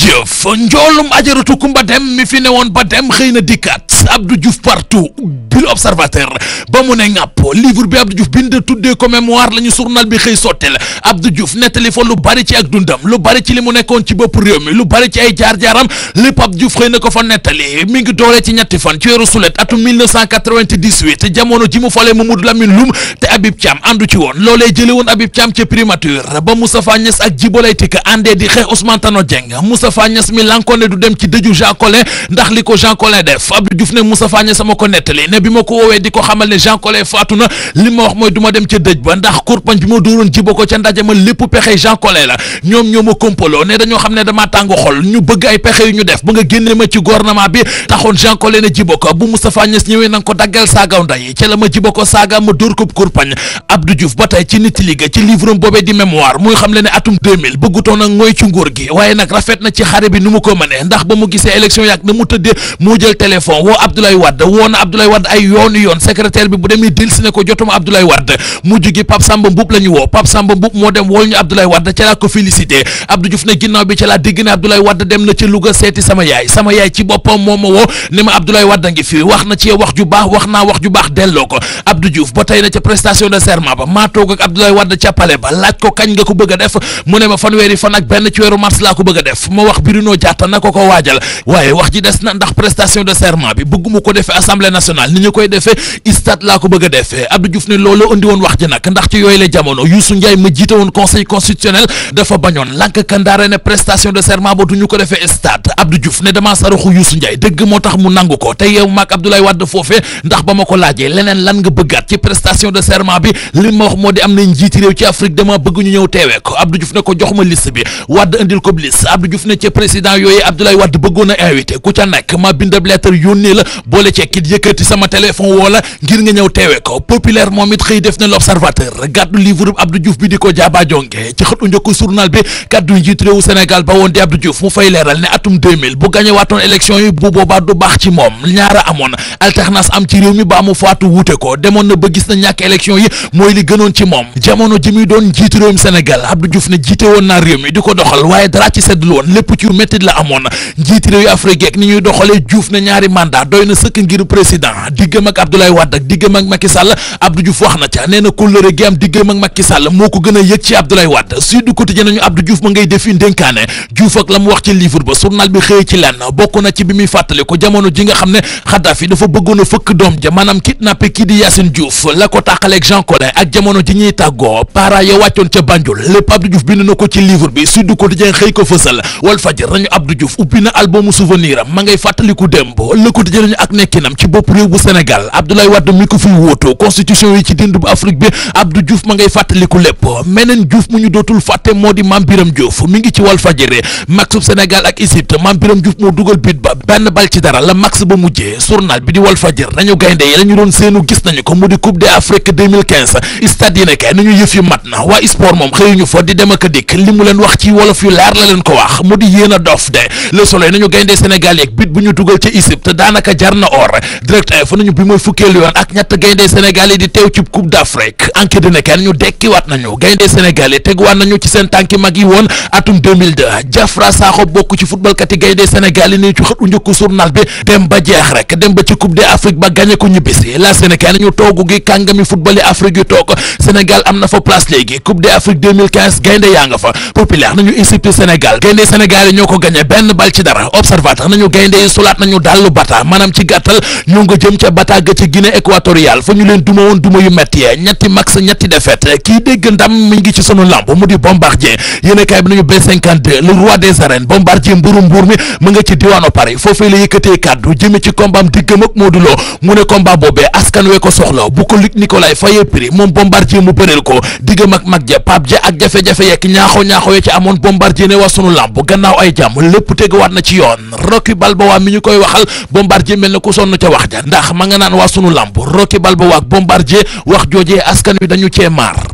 jëf njoolum ajaratu kumba dem mi fi newoon ba dem xëy na dikkaat Abdou Diouf partout bil observateur ba mu ne ŋàpp livre bi Abdou Diouf bind tuddee ko mémoire la bi xëy sottel Abdou Diouf nettali fa lu bari ci ak dundam lu bari ci li mu nekkoon ci bopp réew mi lu bari ci ay jaar-jaaram lépp Abdou Diouf xëy na ko fa nettali mi ngi dooree ci ñetti fan ci weeru sulet atum 1998 ji mu fale Mamadou Lamine Loum te Habib Thiam àndu ci woon loolee jële woon Habib Moustapha Niass mi lankoon ne du dem ci dëju Jean Collin ndax li ko Jean Collin def Abdou Diouf ne Moustapha Niass sama ko nettali ne bi ma ko woowee di ko xamal ne Jean Collin na li ma wax mooy du ma dem ca dëj la ñoom ñoo ma kompaloo ne dañoo xam ne damaa tàng xol ñu bëgg ay pexe yu ñu def ba nga génnee ma ci gouvernement bi taxoon Jean Collin ne jiba ko bu Moustapha Niass ñëwee nanga ko daggal saagaw nday ca la ma jiba ko saaga ma dóor ko kurpañ Abdou Diouf ba tey ci nit liggéey ci livre boobee di mémoire a ci xare bi nu mu ko mënee ndax ba mu gisee élection yàgg na mu tëddee moo jël téléphone woo Abdoulaye Wade woo na Abdoulaye ay yoon yoon secrétaire bi bu dem dil si ne ko jotuma Abdoulaye Wade mujj gi Pape Samba Mboup la woo Pape Samba Mboup moo dem woo ñu Abdoulaye Wade ca laa ko félicité Abdou Diouf ne ginnaaw bi ca laa dégg ne Abdoulaye Wade dem na ca Louga seeti sama yaay sama yaay ci boppam moo ma woo ne ma Abdoulaye Wade ngi fi wax na ci wax ju baax wax naa wax ju baax delloo ko Abdou Diouf ba tey na ca prestation de serment ba maa toog ak Abdoulaye Wade ca palais ba laaj ko ko bëgg def mu ne ma fanweeri fan ak benn ci weeru mars laa ko bëgg a def wax Bruno Diatta na ko ko waajal waaye wax ji des na ndax prestation de serment bi bëgguma ko defee assemblée nationale ni ñu koy defee stade laa ko bëgg defee Abdou Diouf ne loolu andi woon wax dëgg moo tax mu nangu ko te yow maag Abdoulaye Wade foofee ndax ba ma ko laajee leneen lan nga bëggaat ci prestation de serment bi li ma wax moo di am na njiiti ci Afrique dama bëgg ñu ñëw teewee ko Abdou ne ko jox ma liste bi Wade andil ko liste na ca président yooyu Abdoulaye Wade bëggoon a invité ku ca nekk ma bindab lettre yónnee la boole cekkit yëkkati sama téléphone woo la ngir nga ñëw teewee ko populaire moom it xëy def na l'observateur gàddu livre Abdou Diouf bi di ko jaaba jonge ci xëtu njëkk journal bi kàddu njiit réewu Sénégal ba woon di Abdou Diouf mu fay leeral ne atum 2000 bu gañe waatoon élection yi bu boobaa du baax ci moom ñaara amoon alternance am ci réew mi ba mu faatu wuute ko demoon na ba gis na ñàkk élection yi mooy li gënoon ci lépp ci méttit la amoon njiiti réew yu Afrique ak ni ñuy doxalee Diouf na ñaari mandat doy na sëkk ngir président diggam ak Abdoulaye Wade ak diggam ak Macky Sall Abdou Diouf wax na ca nee na gi am diggam ak Macky Sall moo ko gën yëg ci Abdoulaye Wade Sud Quotidien nañu Abdou Diouf ma ngay defi ndénkaane Diouf ak la mu wax ci livre ba journal bi xëy ci lenn bokk na ci bi muy fàttali ko ji nga xam ne Xadafi dafa bëggoon fëkk doom ja maanaam kidnappé kii di Yacine Diouf la ko tàqaleeg Jean Collin ak ko bi Walfadjri nañu Abdou Diouf ubbi na albumu souvenir am ma ngay fàttaliku démb Le Quotidien nañu ak nekkinam ci bopp réew bu Sénégal Abdoulaye Wade mi ko fiy wóotoo constitution yi ci dénd bu Afrique bi Abdou Diouf ma ngay fàttaliku lépp meneen Diouf mu ñu dootul fàtte moo di Mame Biram Diouf mi ngi ci Walfadjri maxub Sénégal ak Égypte Mame Biram Diouf moo dugal bit ba benn bal ci dara la max ba mujjee journal bi di Walfadjri nañu gaynde yi la ñu doon se gis nañu ko mu di Coupe d'Afrique 2015 stade yi la leen ko wax di yéen dof de le soleil nañu gayndee sénégal yeeg bit bu ñu dugal ca isib daanaka jar na or direct info nañu bi mooy fukkeelu yoon ak ñett gayndee sénégal yi di teew ci coupe d'afrique enquête dina kenn ñu dekkiwaat nañu gayndee sénégal yi teguwaat nañu ci seen tànki mag yi woon atum jafra saaxo bokk ci footballkat gayndee sénégal yi ni ci u njëkku journal bi dem ba jeex rek dem ba ci coupe d'afrique ba gagné ko ñibbisi la sénégal nañu toogu gi kàngami football Sénégal yi ñoo ko gañe benn bal ci dara observateur nañu gaynde yi sulaat nañu dallu bata maanaam ci gàttal ñu nga jëm ca bata ga ci Guinée équatoriale fa ñu leen duma woon duma yu metti ñetti max ñetti défaite kii dégg ndam mi ngi ci sunu lamb mu di Bombardier yéene bi nañu B52 le roi des arènes Bombardier mburu mbuur mi mu nga ci diwaano Paris foofee la yëkkatee kàddu jëme ci combat am diggam ak Modou mu ne combat boobee askan gannaaw ay jàmm lépp waat na ci yoon Rocky Balboa mi ñu koy waxal Bombardier mel na ku sonn ca wax ja ndax ma nga naan waa sunu làmb Rocky Balboa ak Bombardier wax joojee askan wi dañu cee maar